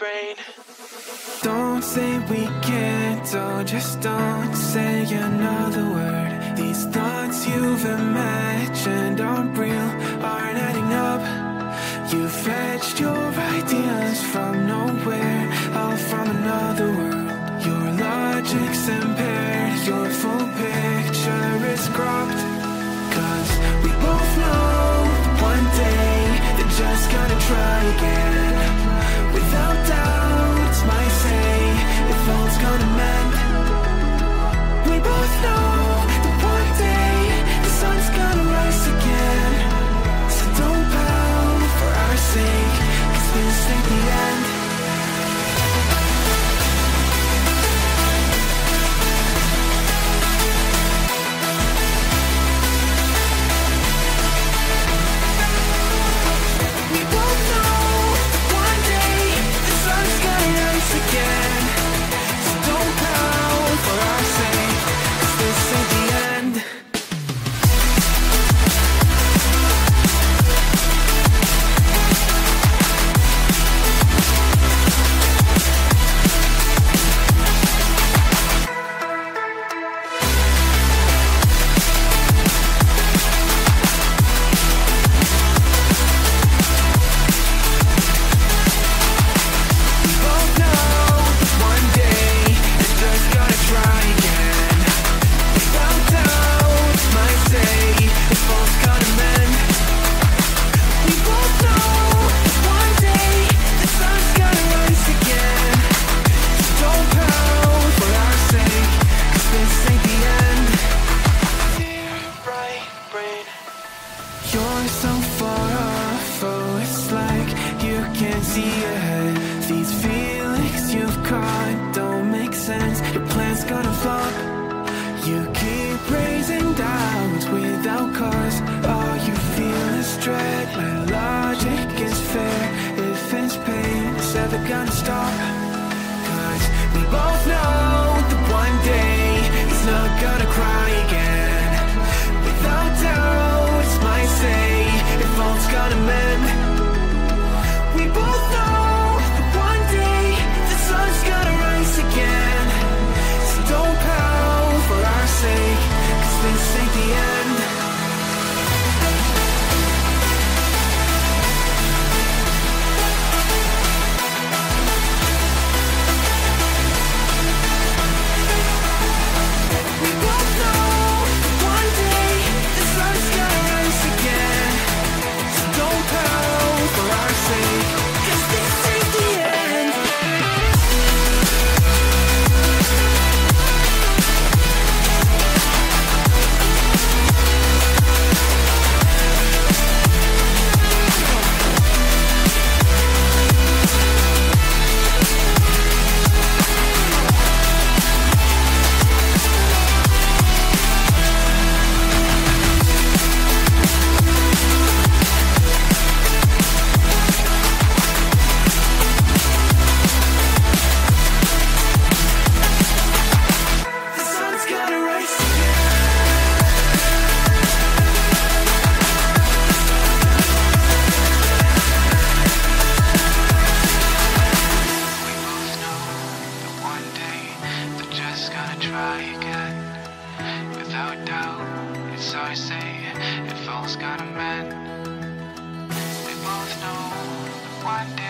brain. Don't say we can't, oh, just don't say another word. These thoughts you've imagined aren't real, aren't adding up. You fetched your ideas from nowhere, all from another world. Your logic's impaired, your full picture is cropped. Cause we both know one day they're just gonna try again. You can't see ahead These feelings you've caught don't make sense Your plan's gonna flop You keep raising doubts without cause All you feel is dread My logic is fair If it's pain, it's ever gonna stop Cause we both know that one day It's not gonna cry again so you say it all's gonna mend. We both know one day.